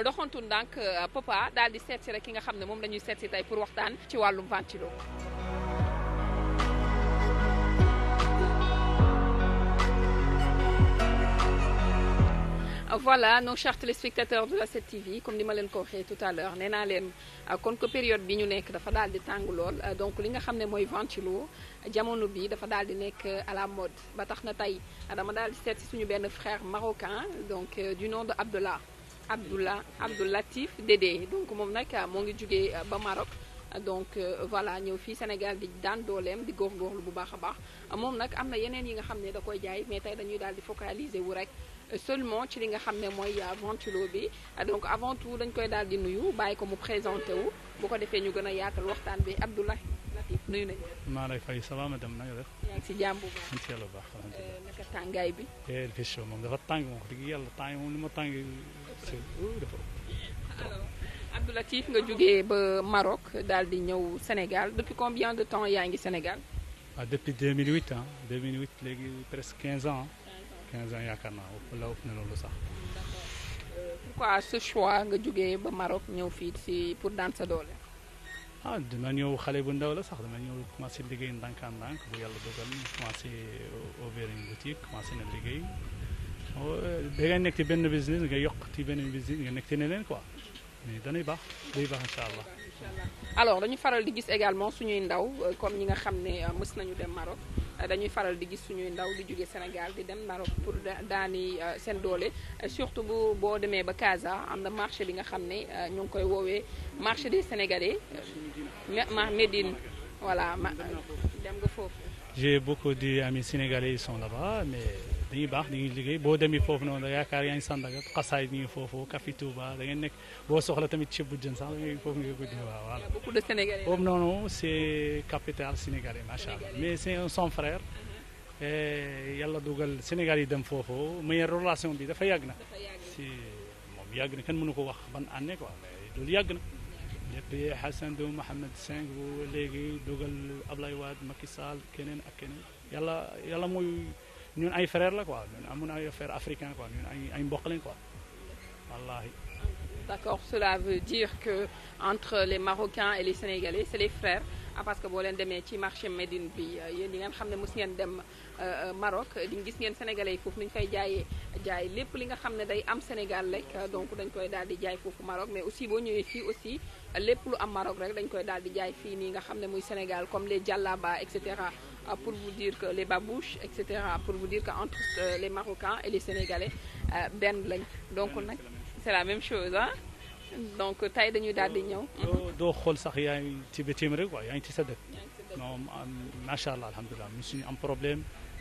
doxantu ndànk euh, Papa daal di seet rek ki nga xam ne moom lañuy ñuy seet pour waxtaan ci wàllum ventilo voilà nos chers téléspectateurs de la 7TV comme ni ma leen ko waxee tout à l'heure nee naa leen euh, kon ko période bi ñu nekk dafa daal di tàng lool euh, donc li nga xam ne mooy ventilo jamono bi dafa daal di nekk à la mode ba tax na tey dama daal di seet suñu benn frère marocain donc du nom de Abdallah Abdoula Abdoul Latif Dédé donc moom nag ah, moo ngi jugee ah, ba Maroc donc euh, voilà ñëw fii Sénégal di daan dooleem di góorgóorlu bu baax a baax moom nag am na yeneen yi nga xam ne da koy jaay mais tey dañuy daal di focaliser wu rek euh, seulement ci li nga xam ne mooy ah, ventilo bi donc avant tout dañ koy daal di nuyu bàyyi ko mu présenté wu bu ko defee ñu gën a yaatal waxtaan bi Abdoulaye Latif nuyu nañu maa lay fay ça va madame na nga def. yaa ngi si jàmm bu baax sant yàlla euh, tàngaay bi. question eh, moom dafa tàng moom wax alors Abdou nga jóge ba Maroc daal di ñëw Sénégal depuis combien de temps yaa ngi Sénégal. ah depuis 2008 ah 2008 léegi presque 15 ans. 15 ans yaakaar naa wala ëpp na loolu sax. Euh, pourquoi ce choix nga jóge ba Maroc ñëw fii ci pour daan sa doole. ah dama ñëw xale bu ndaw la sax dama ñëw commencé liggéey ndànk-ndànk bu yàlla dogal commencé au au boutique commencé na liggéey. da ngay nekk ci benn business nga yokk ci benn business nga nekk ci neneen ko mais danay baax day baax incha allah. alors dañu faral di gis également suñuy ndaw euh, comme ñi nga xam ne euh, mës nañu dem Maroc euh, dañuy faral di gis suñuy ndaw di jóge Sénégal di dem Maroc pour daani seen doole surtout bu boo demee ba Casa am na marché bi nga xam ne ñu ngi koy woowee marché des Sénégalais. ma wala voilà ma dem nga foofu. j'ai beaucoup d'amis sénégalais ils sont là-bas dañuy baax dañuy liggéey boo demee foofu noonu yaakaar yaa ngi Sandaga xasaay ñu ngi foofu Kafi Touba da ngeen nekk boo soxla tamit ceeb bu jën sax da ngay foofu nga ko jënd waaw voilà. beaucoup de Sénégalais sénégali noonu c' macha allah mais c' est son frère. dugal Sénégal yi dem foofu mais relation bi dafa yàgg na. si moom yàgg na kenn mënu ko wax ban année quoi loolu yàgg na. depuis Hassan Diouf Mohamed Cinq bu léegi dugal Ablaye Wade Macky Sall keneen ak keneen yàlla mooy. ñun ay frère la quoi am amun ay frère africain quoi ñun ay ay mbokk lañ quoi wallahi d'accord cela veut dire que entre les Marocains et les Sénégalais c'est les frères ah parce que boo leen demee ci marché Médine bi euh, yéen ñi ngeen xam ne mos ngeen dem euh, euh, Maroc di gis ngeen sénégalais yi foofu ni ñu fay jaayee jaay lépp li nga xam ne day am Sénégal rek donc dañ koy daal di jaay foofu Maroc mais aussi boo ñëwee fii aussi lépp lu am Maroc rek dañ koy daal di jaay fii nii nga xam ne Sénégal comme les jàllaba et cetera. Ah, pour vous dire que les babouches et cetera pour vous dire que entre euh, les Marocains et les Sénégalais euh, benn lañ donc nag c'est la même chose ah donc tey dañuy daal di ñëw. doo xool sax yaa ngi ci bitim rek waaw yaa ngi ci sa dëkk. non macha allah suñu am problème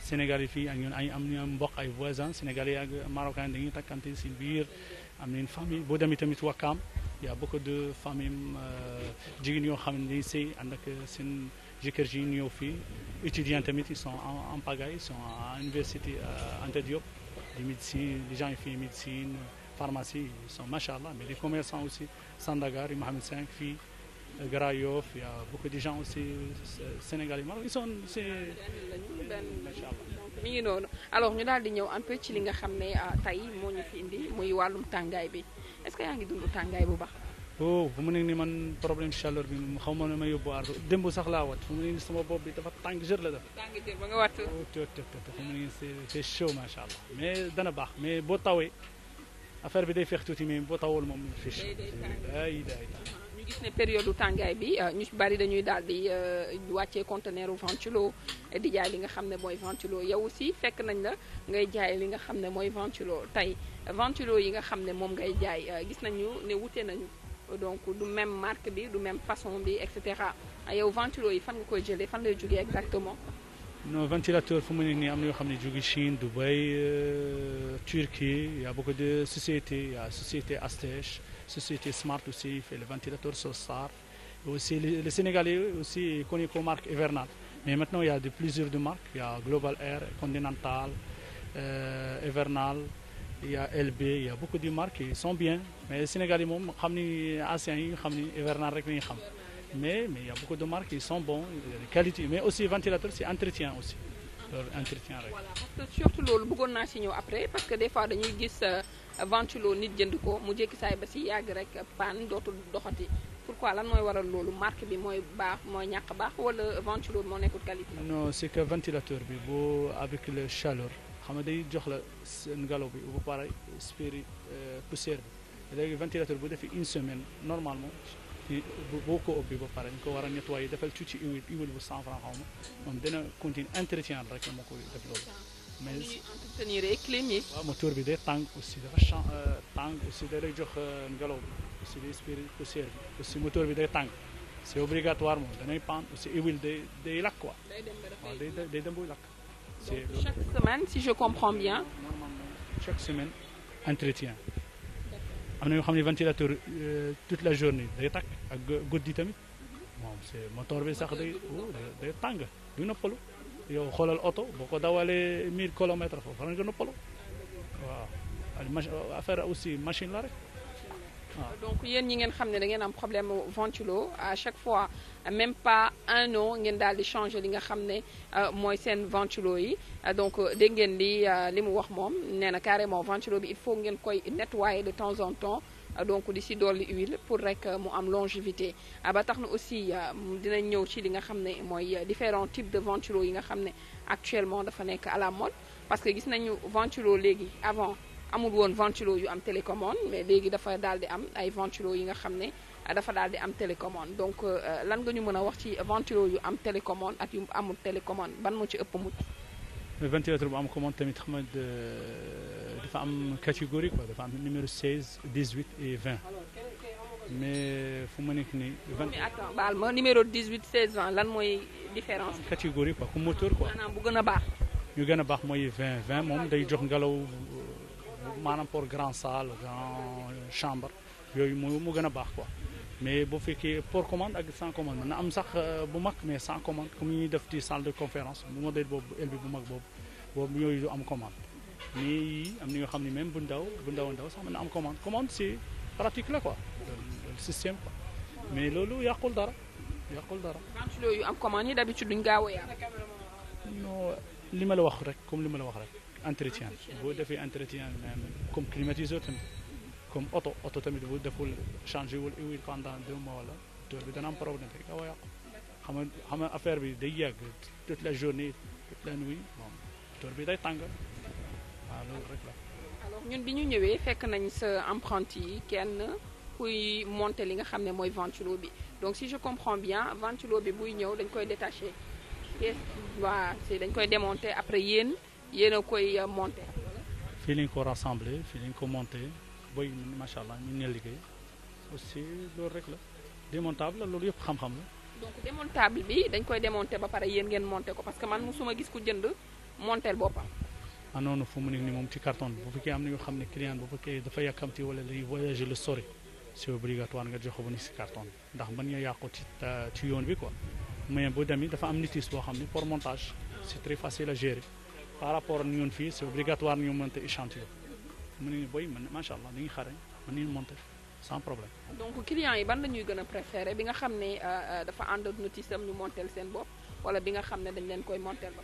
Sénégal yi fii ak ñun ay am ñu mbokk ay voisins sénégalais ak marocains dañuy takkante si biir am nañu famille boo demee tamit wakkaam y a beaucoup de famille euh, jigéen yoo xam ne dañuy sëy ànd jëkkër ji ñëw fii étudiants tamit ils sont en pagaille ils sont à l'université euh, Anta Diop di médecine les gens yi fii médecine pharmacie ils sont macha allah mais les commerçants aussi Sandaga rue Mohamed V fii euh, Grand Yoff il y a beaucoup de gens aussi euh, sénégalais ils sont c'est macha allah daal di ñëw un peu ci li nga xam ne tey moo indi muy wàllum tàngaay bi est-ce que yaa ngi dund tàngaay bu oh fu mu nekk nii man problème chaleur bi moom xaw ma ne ma yóbbu aar démb sax laa wat fu mu nekk nii sama bopp bi dafa tàng jër la def. tàng jër ba nga wat. Oh, fu mu nekk nii c'est chaud macha allah mais dana baax mais boo tawee affaire bi day feex tuuti mais boo tawul moom day day day ñu gis ne période tàngaay bi euh, ñu bari dañuy daal di euh, wàccee conteneur u ventilo di jaay li nga xam ne mooy ventilo yow aussi fekk nañ la ngay jaay li nga xam ne mooy ventilo tey ventilo yi nga xam ne moom ngay jaay euh, gis nañu ne wute nañu. donc du même marque bi du même façon bi et cetera ah, yow ventilo yi fan nga koy jëlee fan lay jógee exactement. non ventilateur fu mu ne nii am na yoo xam ne jóge Chine Dubaï euh, Turquie il y a beaucoup de sociétés il y a société Astech société Smart aussi fait le ventilateur Solstar aussi le Sénégalais aussi est connu comme marque mais maintenant il y a de plusieurs de marques il y a Global Continental euh, hivernal il y a LB il beaucoup de marques qui sont bien mais Sénégal yi moom xam ni anciens yi xam ni hivernal rek la ñu xam mais mais il y beaucoup de marques qui sont bons qualité mais aussi ventilateur c'est entretien aussi loolu entretien rek. voilà parce surtout loolu bëggoon naa si ñëw après parce que des fois dañuy gis euh, ventilo nit jënd ko mu jékki saay ba si yàgg rek panne dootul doxati pourquoi lan mooy waral loolu marque bi mooy baax mooy ñàkk baax wala ventilo moo nekkul qualité. non c'est que ventilateur bi boo avec le chaleur. xam nga day jox la seen ngelaw bi ba pare spirit euh, poussière bi léegi ventilateur bu defee une semaine normalement ci boo ko ubbi ba pare ñu ko war a nettoyer defal tuuti huile huile bu cent franc xaw ma moom dina continuer entretien rek la ma koy def loolu. mais entretenir et cligner. waaw moteur bi day tàng aussi dafa chan euh, tàng aussi day lay jox euh, ngelaw bi aussi day spirit poussière bi aussi moteur bi day tàng. c' est obligatoire moom danay paan aussi huile day day lakk quoi. day dem ba dafay dem buy lakk. Chaque semaine, si je comprends bien. Chaque semaine, entretien. am na ñoo xam ne ventilateur euh, toute la journée day tàkk ak guddi tamit moom c'est moteur bi sax oh, day day tàng du noppalu yow xoolal oto boo ko dawalee 1000 kilomètres foofu war nga noppalu waaw affaire aussi machine la rek. donc yéen ñi ngeen xam ne da ngeen am problème ventilo à chaque fois même pas un an ngeen daal di changé li nga xam ne euh, mooy seen ventilo yi donc euh, de ngeen li euh, li mu wax moom nee na carrément ventilo bi il faut ngeen koy nettoyer de temps en temps donc di si dolli huile pour rek mu am longévité ah, ba tax na aussi dinañ ñëw ci li nga xam ne mooy différent types de ventilo yi nga xam ne actuellement dafa nekk à la mode parce que gis nañu ventilo léegi avant amul woon ventilo yu am télécommande mais léegi dafa daal di am ay ventilo yi nga xam ne dafa daal di am télécommande donc euh, lan nga ñu mën a wax ci ventilo yu am télécommande ak yu amul télécommande ban moo ci ëpp mucc ventilateur bu am commande tamit xam nga euh, dafa am catégorie quoi dafa am numéro 16 18 et 20 mais euh, fu ma nekk nii. vingt attends baal ma numéro 18 16 20 lan mooy différence catégorie quoi ku moteur quoi. bu gën a baax. ñu gën a baax mooy 20 moom day jox ngelaw. maanaam pour grand salle grand chambre yooyu mu mu gën a baax ko mais bu fekkee pour commande ak sans commande na am sax euh, bu mag mais sans commande ñuy def ci salle de conférence bu modèle boobu el bi bu mag boobu boobu yooyu du am commande mais yii am na ñoo xam ne même bu ndaw bu ndaw sax mën na am commande commande c'est pratique la quoi le système quoi mais loolu yàqul dara yàqul dara. yu am commande yi d'habitude duñ gaaw a yàq. non li ma la wax rek comme li ma la wax rek. entretien boo defee entretien comme climatiseur tamit comme oto oto tamit bu deful changé wul huile pendant deux mois wala tour bi dana am problème te gaaw a yàqu xam nga xam nga affaire bi day yàgg toute la journée toute la nuit bon bi day tàng waaw loolu bi ñu ñëwee fekk nañ sa apprenti yi kenn kuy monter li nga xam ne mooy ventilo bi donc si je comprends bien ventilo bi buy ñëw dañ koy détaché waa dañ koy démonter après yéen. yéen a koy euh, monté. fii lañ ko rassemblé fii lañ ko monté boy macha allah ñu ngi leen liggéey aussi loolu rek la démontable la loolu yëpp xam-xam la. donc démontable bi dañ koy démonté ba pare yéen ngeen monté ko parce que man musuma gis ko jënd monteel boppam. ah non fu mu nekk nii moom ci carton bi bu fekkee am na yoo xam ne client bu dafa yàkkamti wala day voyager le sori c'est obligatoire nga jox ko ba si carton bi ndax mën nga yàqu ci euh, ci yoon bi ko mais bu demee dafa am nitis boo xam ne pour montage c'est très facile par rapport ak ñun fii c'est obligatoire ñu monter échantillon mu ne ñu booy mën macha allah dañuy xarañ mën nañu monter sans problème. donc clients yi ban la ñuy gën a préféré bi nga xam ne euh, euh, dafa ànd ak notice am ñu monter seen bopp wala bi nga xam ne dañ leen koy monter ba.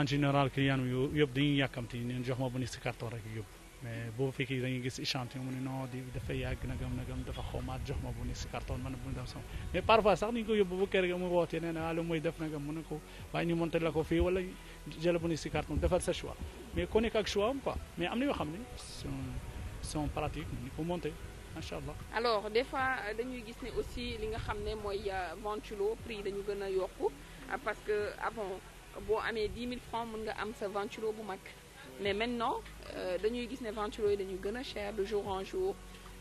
en général client yu yëpp dañuy yàkkamti neen jox ma bu ni si carton rek yóbbu. mais boo fekkee dañuy gis échantillon mu ne non di dafa yàgg nagam nagam dafa xawmaat jox ma bu ni si carton man bu ñu dem mais parfois sax dañu ko yóbbu ba kër ga mu woote nee na ah, lu def nagam mu ne ko waaye ñu monté la ko fii wala jëla bu ni si carton defal sa choix mais ku ak choix mais am na yoo xam ne son son pratique ñu ko monté macha allah. alors des fois dañuy gis ne aussi li nga xam ne mooy euh, ventulo prix dañu gën a yokku parce que avant ah boo amee 10 000 francs mën nga am sa bu mag. mais maintenant euh, dañuy gis ne ventilo yi dañuy gën a cher de jour en jour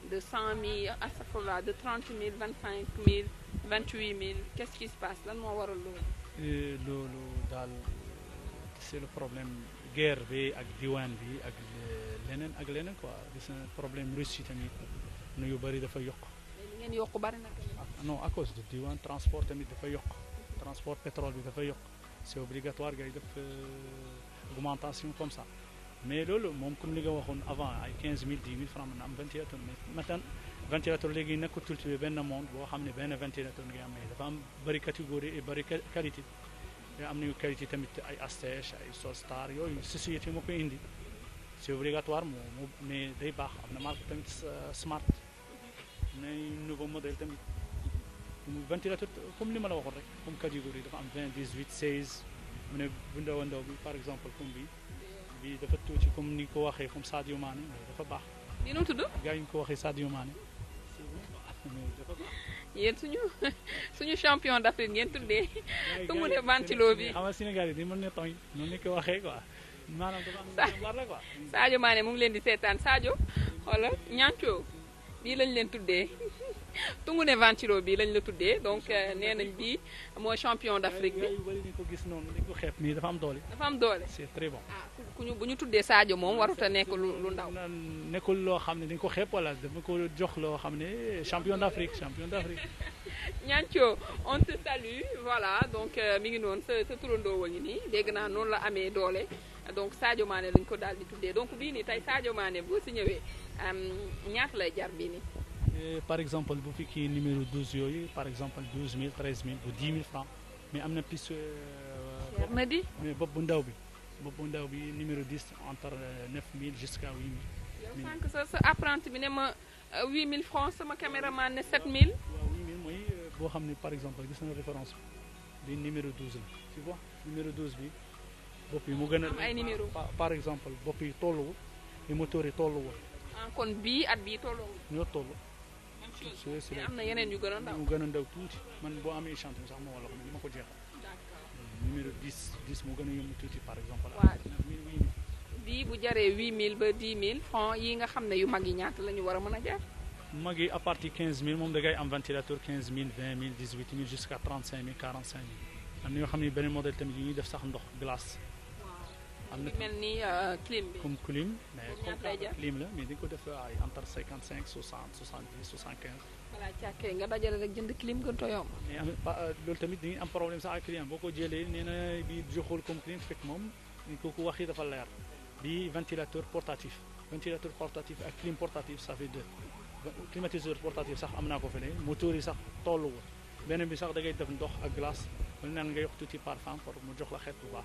de 100000 astafurlah de 30000 25000 28000 qu'est-ce qui se passe lan moo waral loolu. loolu daal c'est le problème guerre bi ak diwaan bi ak leneen ak leneen quoi gis na problème russe yi tamit nu yu bëri dafa yokk. li ngeen yokk bari na. Ah, non à cause de diwaan transport tamit dafa yokk. transport pétrole bi dafa yokk c'est obligatoire ngay def euh, augmentation comme ça. mais loolu moom comme li nga waxoon avant ay 15000 10000 francs mën na am 21 tonnes mais maintenant 21 tonnes léegi monde boo xam ne benn 21 tonnes ngay am mais dafa am bëri catégorie et bëri qualité am nañu qualité tamit ay Astèche ay Solstar yooyu société moo moo mais day baax am na marque tamit euh, smart nay nouveau modèle tamit ventilateur comme li ma la waxoon rek comme catégorie dafa am 20 18 16 mu ne bu ndaw a bi par exemple comme bi bi dafa tuuti comme ni ko waxee comme Sadio Mané dafa ba nii nu tudd. gars yi ñu ko waxee Sadio Mané. yéen suñu suñu champiyon d'Afrique ngeen tuddee. ku mu ne Bantilo bi xam nga di mën na tooñ noonu ñu ko waxe quoi. maanaam dafa am la leen di seetaan Sadio xoolal ñancoo bii lañ leen tuddee. Tunguné Venturo bi lañ la tuddee donc euh, nee nañ bii mooy champion d'Afrique bi. dafa am doole. dafa am doole c'est très bon. ah ku ñu bu ñu tuddee Sadio moom warut a nekk lu lu ndaw. nekkul loo xam ne dañ ko xep wala dama ko jox loo xam ne eh, champion d'Afrique champion d'Afrique. Nianthiou on te salue voilà donc euh, mi ngi noonu sa sa turandoo nii dégg naa noonu la amee doole donc Sadio Mané lañ ko daal di tuddee donc bii nii tey Sadio maane boo si ñëwee ñaata lay jar bii nii. Eh, par exemple bu piquet numéro 12 yooyu par exemple 12000 13000 bu 10 000 francs mais am na piste. na euh, mais bopp bu ndaw bi bopp bu ndaw bi numéro 10 entre 9000 euh, jusqu'à 8000. yow sa sa bi ne ma 8000 euh, francs sama caméraman ne 7000. mille mooy boo xam ne par exemple gis na référence bi numéro 12 la tu vois numéro 12 bi bopp yi mu gën a. am ay numéro par exemple bopp yi tolluwul moteur yi tolluwul. ah kon bii at bii tolluwul. ñoo toll. si am na yeneen yu gën a ndaw a ndaw tuuti man boo amee échantillon sax ma wala ko ni ma ko jeexal numéro 10 mu gën a yomb tuuti par exemple waaw bii bu jaree 8000 ba 10000 francs yi nga xam ne yu mag yi ñaata la war a mën a jar mag yi à partir moom da ngay am ventilateur 15000 20000 18000 jusqu'à 35000 45000 am na yoo xam ne beneen modèle tamit yi ñuy def sax ndox glace am na mel ni euh, clim bi comme clim mais comme clim la mais di ko def ay entre cinquante cinq soixante soixante dix soixante quinze. voilà nga dajale rek jënd clim gën ko euh, tamit dañuy am problème sax ak client boo ko jëlee nee na bii joxul comme clim fekk moom kooku wax yi dafa leer bii ventilateur portatif ventilateur portatif ak clim portatif ça fait deux climatiseur sax am naa ko fële moteur yi sax tolluwul beneen bi sax da ngay def ndox ak glace. mën naan nga yokk tuuti parfum pour mu jox la xeet bu ba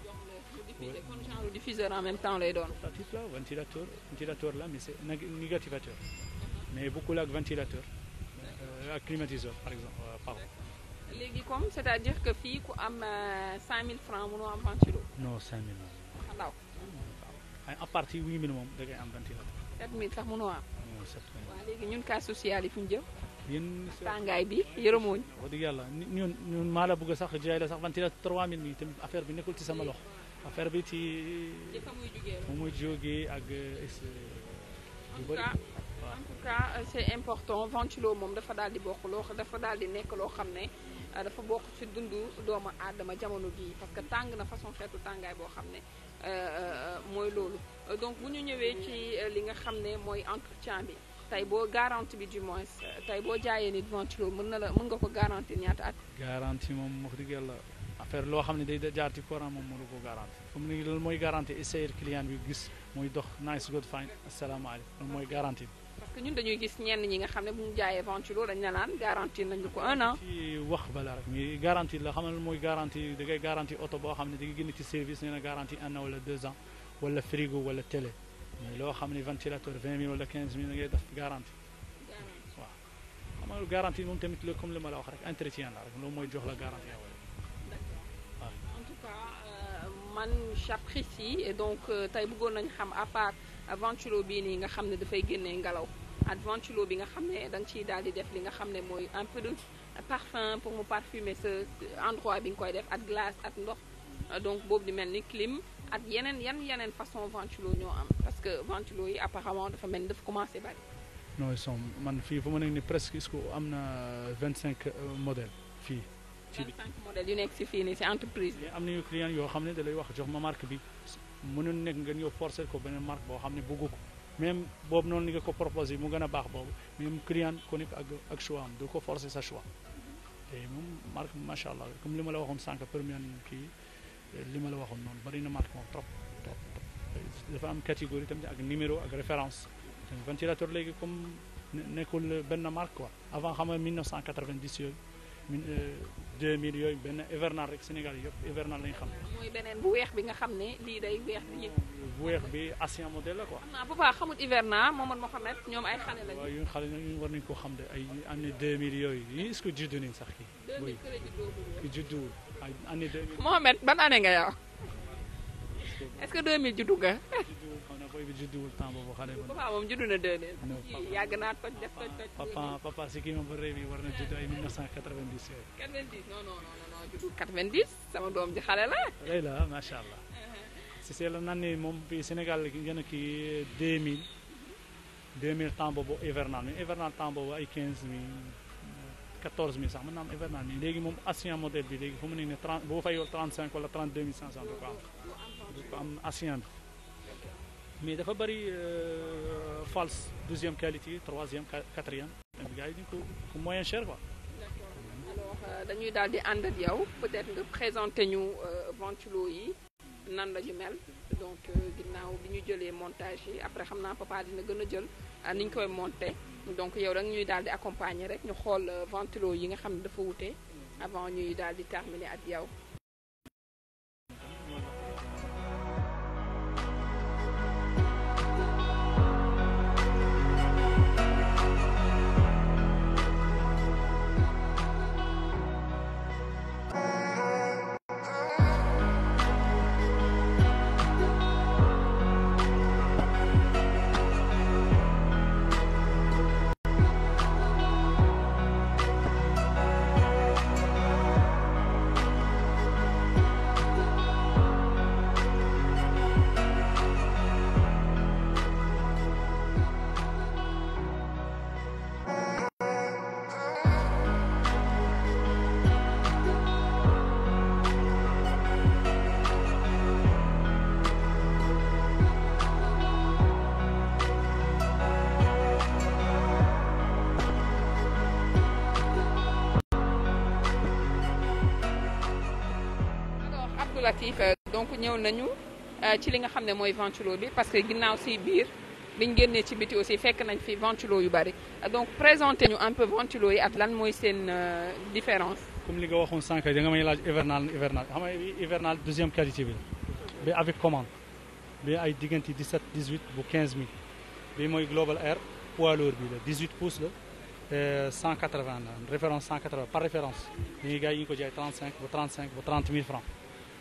kon genre diffuseur en même temps lay doon. portatif la ventilateur ventilateur la mais c'est négativateur mais bokkul ak ventilateur ak euh, climatiseur par exemple euh, pardon. léegi comme c'est-à-dire que fii ku am 5000 euh, francs mënoo am ventilo. non 5000 moom. xanaaw. waaw ah, à partir 8000 moom da ngay am ventilateur. 7000 sax mënoo am. waaw 7000 waaw léegi ñun cas social yi ñu jëm. yéen tàngaay bi yërëmooñ wax dëgg yàlla ñun ñun maa la bëgg sax jaay la sax vingt la trois mille tamit affaire bi nekkul ci sama loxo affaire bi ci mu muy jógee ak euh, en tout euh, important ventilo moom dafa daal di bokk dafa daal di nekk loo xam ne euh, dafa bokk ci dundu doomu aadama jamono bii parce que tàng na façon xeetu tàngaay boo xam ne mooy loolu donc bu ñu ñëwee ci li nga xam ne mooy entretien bi tey boo garanti bi du moins tey boo jaayee nit ventilo mën na la mën nga ko garantie ñaata at. garantie moom wax dëgg loo xam ne day jaar ci courant moom mënu ko garantie. comme ni loolu mooy garantie essayer client bi gis muy dox nice good fine asalaamaaleykum loolu parce que ñun dañuy gis ñenn ñi nga xam ne bu ñu jaayee ventilo dañ la naan garantie nañu ko un an. ci wax bala rek mais garantie la xamal mooy garanti da ngay garantie oto boo xam ne da ngay génn ci service ne na garanti un an wala deux ans wala frigo wala télé. mais loo xam ne ventilateur vingt mille wala quinze mille ngay def garantie waaw moom tamit la comme li ma la wax rek entretien la rek loolu mooy jox la garantie yow waaw en tout cas euh, man donc euh, tey bëggoon nañu xam à part ventilo bii nii nga xam ne dafay génnee ngelaw ak ventilo bi nga xam ne da nga ciy daal di def li nga xam ne mooy un peu de parfum pour mu parfumer sa endroit bi nga koy def ak glace ak ndox euh, donc boobu di mel ni clim ak yeneen yan yeneen façon ventilo ñoo am que ventilo yi apparemment dafa mel ni dafa commencé bari. non ils sont man fii fu ma nekk nii presque est-ce que am na vingt cinq euh, modèles fii. ci biir vingt cinq modèles yu nekk si fii nii si entreprise bi. am nañu client yoo xam ne da lay wax jox ma marque bi mënoon nekk nga ñëw forcer ko beneen marque boo xam ne bëggu ko même boobu noonu ni nga ko proposé mu gën a baax boobu même client ku nekk ak ak choix am du ko forcer sa choix. te moom marque bi macha allah comme li ma la waxoon sànq première kii li ma la waxoon noonu bari na marque moom trop. dafa am catégorie tamit ak numéro ak référence ventilateur léegi comme nekkul benn marque quoi avant xam nga 1990 yooyu 2000 euh, yooyu benn hivernal rek Sénégal yëpp hivernal lañ xam. mooy bu weex bi nga xam ne lii day weex bi bu weex bi ancien modèle la quoi. xam naa bu baax xamul hivernal Momadou Mohamed ñoom ay xale lañu. waaw yooyu xale ñu war nañu koo xam de ay année 2000 yooyu yii est-ce que juddu sax kii. 2000 kër a juddoo ko. ki judduwul ay année 2000. Mohamed nga yow. est-ce que 2000 juddu nga. judduwul temps boobu xale bu papa juddu na 2000. yàgg naa toj def toj war na judd ay 1990. 90 non non non juddu 90 sama doom ji xale la. rëy la macha allah. Uh-huh. si see la moom fii Sénégal gi gën a kii 2000 2000 temps boobu hivernal mi hivernal temps boobu ay 15 mille. 14 000 sax mën naa am hivernal nii léegi moom ancien modèle bi léegi fu mu ne nii 30 boo fayoo 35 wala 32 500 du ko am. ku am mais dafa bëri euh, false deuxième qualité troisième quatrième. gars yi moyen cher euh, dañuy daal di ànd ak yow peut-être nga présenté ñu euh, ventilo yi nan la mel donc ginnaaw bi ñu jëlee montage yi après xam naa papa dina gën a jël ni ñu koy monté donc yow rek ñuy daal di accompagner rek ñu xool ventilo yi nga xam ne dafa wute avant ñuy daal di terminer ak yow. active euh, donc ñëw nañu euh, ci li nga xam ne mooy ventilo bi parce que ginnaaw si biir biñ génnee ci biti aussi fekk nañ fi ventilo yu bari donc présenter ñu un peu ventilo yi at lan mooy seen euh, différence. comme li nga waxoon sànq da nga may laaj hivernal hivernal xam nga hivernal deuxième qualité bi bi avec commande bi ay diggante 17 18 bu 15 000 bi mooy global air poids lourd bi la 18 pouces la. 180 la référence 180 par référence ñu ngi gars yi ñu ngi francs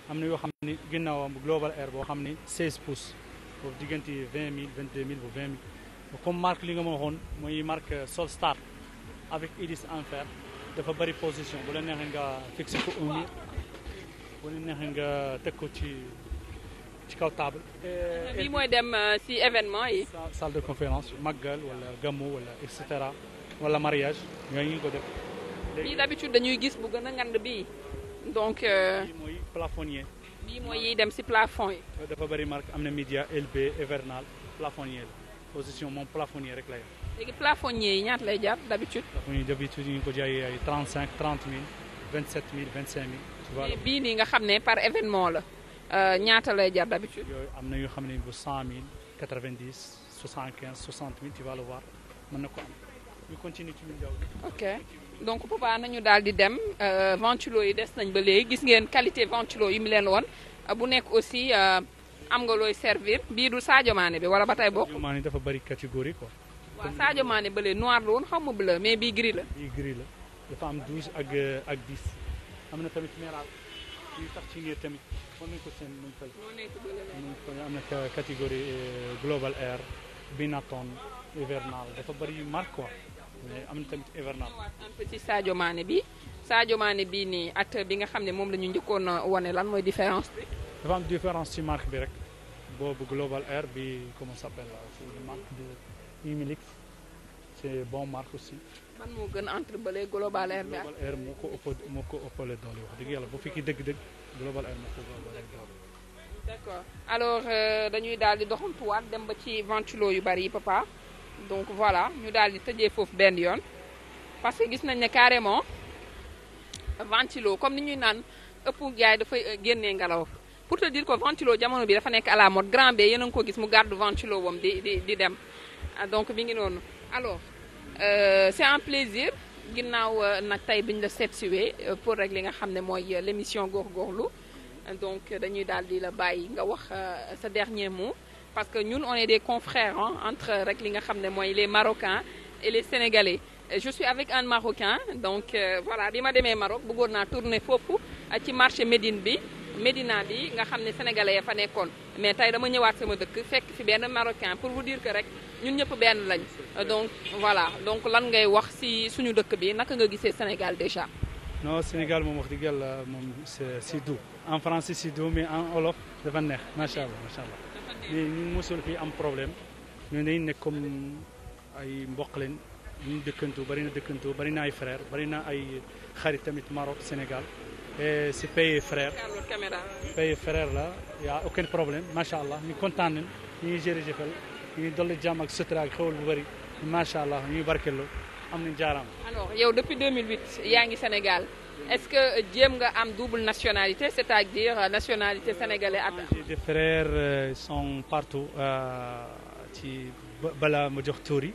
am na yoo xam ni ginnaawam global air boo xam ni 16 pouces boobu diggante 20 000 22 000 bu 20 000 comme marque li nga ma waxoon mooy marque Solstar avec hélice en fer dafa bëri position bu la neexee nga fixé ko un mur bu la neexee nga teg ko ci ci kaw table. bii mooy dem euh, si événement yi. salle de conférence maggal wala gammu wala et cetera wala mariage ñooñu ngi ko def. plafonnier. bii mooy yiy dem si plafond yi. dafa bëri marque am na Media LB Evernal plafonnier la position moom plafonnier rek la yor. léegi plafonnier yi ñaata lay jar d' habitude. plafonnier d'habitude ñu ngi trente cinq trente mille vingt sept mille vingt cinq mille. tu nga xam ne par événement la euh, ñaata lay jar d' am na yoo xam ne bu cent mille quatre vingt dix soixante quinze ko am ñu continue ci ñun jaww ok. donc Papa nañu daal di dem euh, ventilo yi des nañ ba léegi gis ngeen qualité ventilo yi mu leen woon bu nekk aussi euh, am nga looy servir bii du saajo maane bi wala ba tey bokk. Sadio Mané dafa bëri catégorie quoi. waaw Sadio Mané bële noir la woon xam nga bleu mais bii gris la. bii la dafa am 12 ak euh, ak 10 am na tamit méral yu tax ci ngir tamit mën nañu ko seen mën fële. moo nekk bële am na catégorie global air binaton hivernal dafa bëri yu marque mais am na tamit hivernage. un peu ci Sadio Mané bi Sadio Mané bii nii ak bi nga xam ne moom lañu ñu njëkkoon wane lan mooy différence bi. dafa am différence ci marque bi rek boobu Global Air bi comment s'appelle la euh, marque de Imilix c'est bon marque aussi. man moo gën entre bële Global Air bi Global moo ko ëpp moo ko ëppale doole wax dëgg yàlla bu fekkee dëgg-dëgg Global Air moo ko ëppale doole. d'accord alors euh, dañuy daal di doxantuwaat dem ba ci ventilo yu bari yi papa. donc voilà ñu daal di tëjee foofu benn yoon parce que gis nañ ne carrément ventilo comme ni ñuy naan ëpp jaay dafay euh, génnee ngelaw pour te ko que ventilo jamono bi dafa nekk à la mode grand B yéen a ngi ko gis mu garde ventilo woom di di di dem ah, donc bi ngi noonu alors euh, c'est un plaisir ginnaaw euh, nag tey bi ñu la seet euh, pour rek li nga xam ne mooy l'émission Goor Goorlu donc dañuy daal di la bàyyi nga wax sa dernier mot parce que ñun on est des confrères hein, entre rek li nga xam ne mooy les Marocains et les Sénégalais je suis avec un Marocain donc euh, voilà bi ma demee Maroc bëggoon naa tourner foofu euh, ci marché Médine bi Médina bi nga xam ne sénégalais ya fa nekkoon mais tey dama ñëwaat sama dëkk fekk fi benn Marocain pour vous dire que rek ñun ñëpp benn lañ donc voilà donc lan ngay wax si suñu dëkk bi naka nga gisee Sénégal déjà non Sénégal moom wax dëgg yàlla moom c'est si doux en français si mais en wolof dafa neex mais ñu mosul am problème ñun dañu nekk comme ay mbokk leen ñu na dëkkantoo bari na ay frère bari na ay xarit tamit Maroc Sénégal si pays frère pays frère la y a aucun problème macha allah ñu kontaan nañ ñu ngi gérer jëfal ñu dolli jàmm ak sutura bu bari macha allah ñu barkello am nañ yow depuis yaa ngi Sénégal. Est-ce que euh, Diem a une double nationalité, c'est-à-dire euh, nationalité sénégalaise Mes deux frères euh, sont partout à Bala Modjoktouri.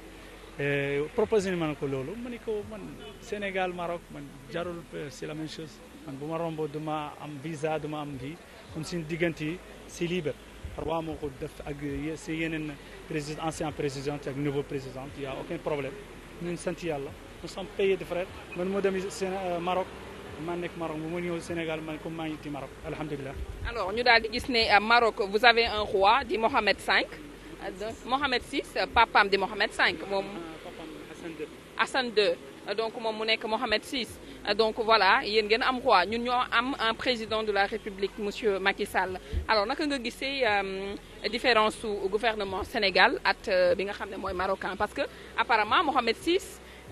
Proposez moi que lolo, man ko man Sénégal Maroc man jarul c'est la même chose. Man bu ma rombo duma am visa duma am bi kon sin diganti si libre. Roi mo ko def ak c'est yenen président ancien président ak nouveau président, il y a aucun problème. Nous sommes santi Yalla, nous sommes payés de frères. Man mo dem maa nekk Maroc bu ma ñëw Sénégal man comme maa alhamdulilah. alors ñu daal di gis ne euh, Maroc vous avez un roi di Mohamed V euh, donc VI euh, papaam di Mohamed V moom. Ah, papaam Hassan II. Hassan donc moom mu nekk Mohamed VI donc voilà yéen ngeen am roi ñun ñoo am un président de la République monsieur Macky Sall alors naka nga gisee différence su gouvernement Sénégal at bi nga xam ne mooy marocain parce que apparemment Mohamed VI.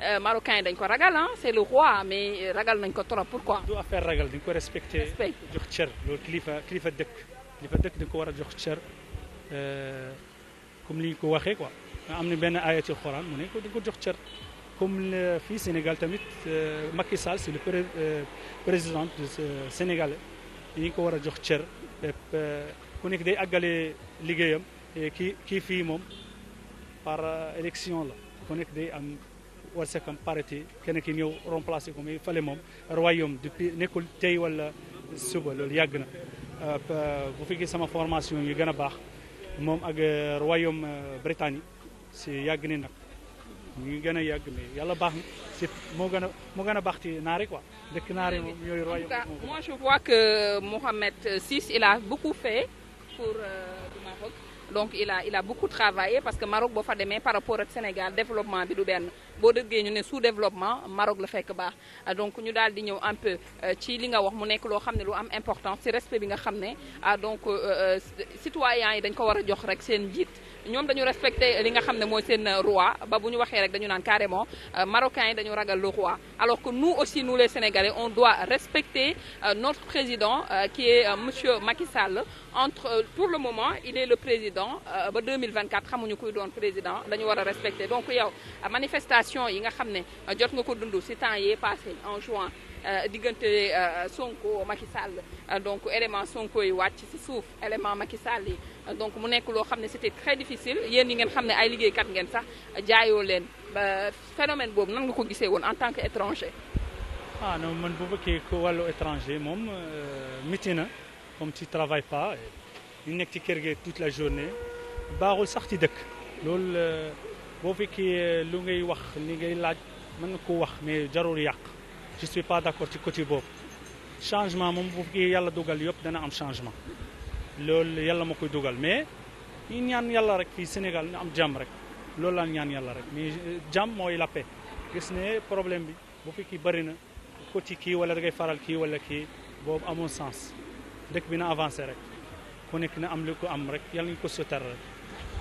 Euh, Marocains yi dañ ko ragal ah c'est le roi mais euh, nañ ko trop pourquoi. du affaire ragal dañ ko respecté jox cër loolu kilifa kilifa dëkk kilifa dëkk dañ ko war a jox cër euh, comme li ko waxee quoi am na benn aaya ci Alxuraan mu ko dañ ko jox comme fii Sénégal tamit Macky Sall c'est le président Sénégal dañu ko war a jox cër ku nekk day àggale liggéeyam kii kii fii moom par élection la war sekam parité kenn ki ñëw remplacé ko mais fale moom royaume depuis nekkul tey wala suba loolu yàgg na euh, bu fekkee sama formation yi gën a baax moom ak euh, royaume euh, Bretagne si yàgg ni nag ñu ngi gën a yàgg mais yàlla baax na c'est moo gën a moo gën a baax ci naare quoi dëkk naare moom ñooy royaume moi je vois il a beaucoup fait pour le Maroc donc il a il a beaucoup travaillé parce que Maroc boo fa demee par rapport ak Sénégal développement bi du benn boo dëggee ñu ne sous développement Maroc la fekk baax ah, donc ñu daal di ñëw un peu euh, ci li nga wax mu nekk loo xam ne lu am important ci respect bi nga xam ne ah, donc euh, euh, citoyens yi dañ ko war a jox rek seen njiit ñoom dañu respecté li nga xam ne mooy seen roi ba bu ñu waxee rek dañu naan carrément marocains yi dañu ragal le roi alors que nous aussi nous les Sénégalais on doit respecter notre président qui est monsieur Macky Sall entre pour le moment il est le président ba 2024 xamuñu kuy doon président dañu war a donc yow situation yi nga xam ne euh, jot nga ko dund ci temps yee passé en juin euh, diggante euh, Sonko Macky donc élément Sonko yi wàcc si suuf élément Macky Sall yi donc mu nekk loo xam ne c'était très difficile yéen yi ngeen xam ne ay liggéeykat ngeen sax jaayoo leen ba phénomène boobu nan nga ko gisee woon en tan que étranger. ah non man bu bëggee ko wàllu étranger moom métti na comme tu travailles pas ñu nekk ci kër gi toute la journée baaxul sax ci dëkk boo fekkee lu ngay wax ni ngay laaj mën nga koo wax mais jarul yàq je suis pas d'accord ci côté boobu changement moom bu fekkee yàlla dugal yëpp dana am changement loolu yàlla ma koy dugal mais ñu ñaan yàlla rek fii Sénégal ñu am jàmm rek loolu laa ñaan yàlla rek mais euh, jàmm mooy la paix gis ne problème bi bu fekkee bëri na côté kii wala da ngay faral kii wala kii boobu amoon sens dëkk bi na avancé rek ku nekk na am li ko am rek yalla ñu ko sotar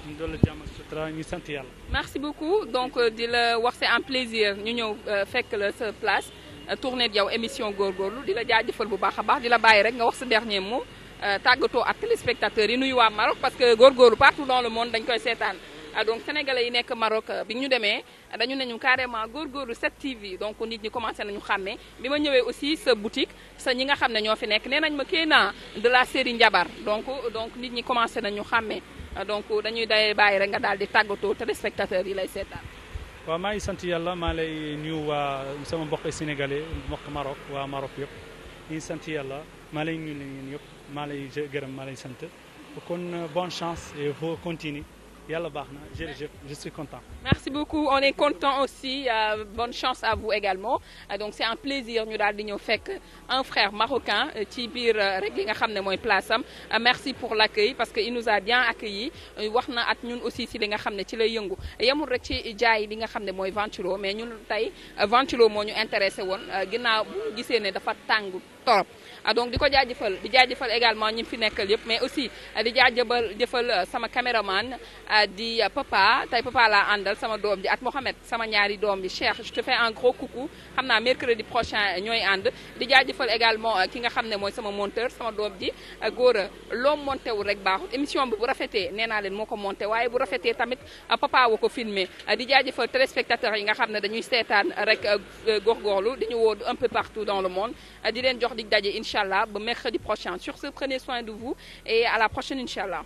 ñu dolli jàmm ak sutura ñu sant yàlla. merci beaucoup donc euh, di la wax c'est un plaisir ñu ñëw euh, fekk la sa place euh, tournée yow émission góor góorlu di la jaajëfal bu baax a baax di la bàyyi rek nga wax sa dernier mot tàggatoo ak téléspectateurs yi nuyu waa Maroc parce que góorgóorlu partout dans le monde dañ koy seetaan. Ah, donc sénégale yi nekk Maroc bi ñu demee dañu ne ñu góor góorlu 7TV donc nit ñi commencé nañu xàmmee bi ma ñëwee aussi sa boutique sa ñi nga xam ne ñoo fi nekk nee nañ ma kii naa de la série Njabar donc donc nit ñi commencé nañu xàmmee. Ah, donc dañuy day bàyyi rek nga daal di tàggatoo téléspectateurs yi lay seetaan. waaw maa ngi sant yàlla maa lay nuyu waa sama mbokk sénégalais mbokk Maroc waa Maroc yëpp ñu sant yàlla maa lay nuyu leen yëpp maa lay gërëm maa lay sant kon bonne chance et faut continuer. yàlla baax na jërëjëf je suis content. merci beaucoup on est content aussi euh, bonne chance à vous également euh, donc c' est un plaisir ñu daal di ñëw fekk un frère marocain euh, ci biir euh, rek li nga xam ne mooy place am euh, merci pour l' accueil parce que il nous a bien accueilli wax na ak ñun aussi si li nga xam ne ci lay yëngu yemul rek ci jaay li nga xam ne mooy ventilo mais ñun tey ventilo moo ñu intéressé woon ginnaaw bu gisee ne dafa tàng torop Ah, donc di ko jaajëfal di jaajëfal également ñi fi nekkal yëpp mais aussi ah, di jaajëfal jëfal ah, sama caméraman di papa tey papa laa àndal sama doom ji ak Mohamed sama ñaari doom yi Cheikh je te fais un gros coucou xam naa mercredi prochain ñooy ànd di jaajëfal également ki nga xam ne mooy sama monteur sama doom ji góor a loo monté wul rek baaxut émission bi bu rafetee nee naa leen moo ko monté waaye bu rafetee tamit papa wa ko filmé di jaajëfal téléspectateurs yi nga xam ne dañuy seetaan rek góorgóorlu di ñu woo un peu partout dans le monde leen jox di daje Inch'Allah, ba mercredi prochain. Sur ce, prenez soin de vous et à la prochaine, Inch'Allah.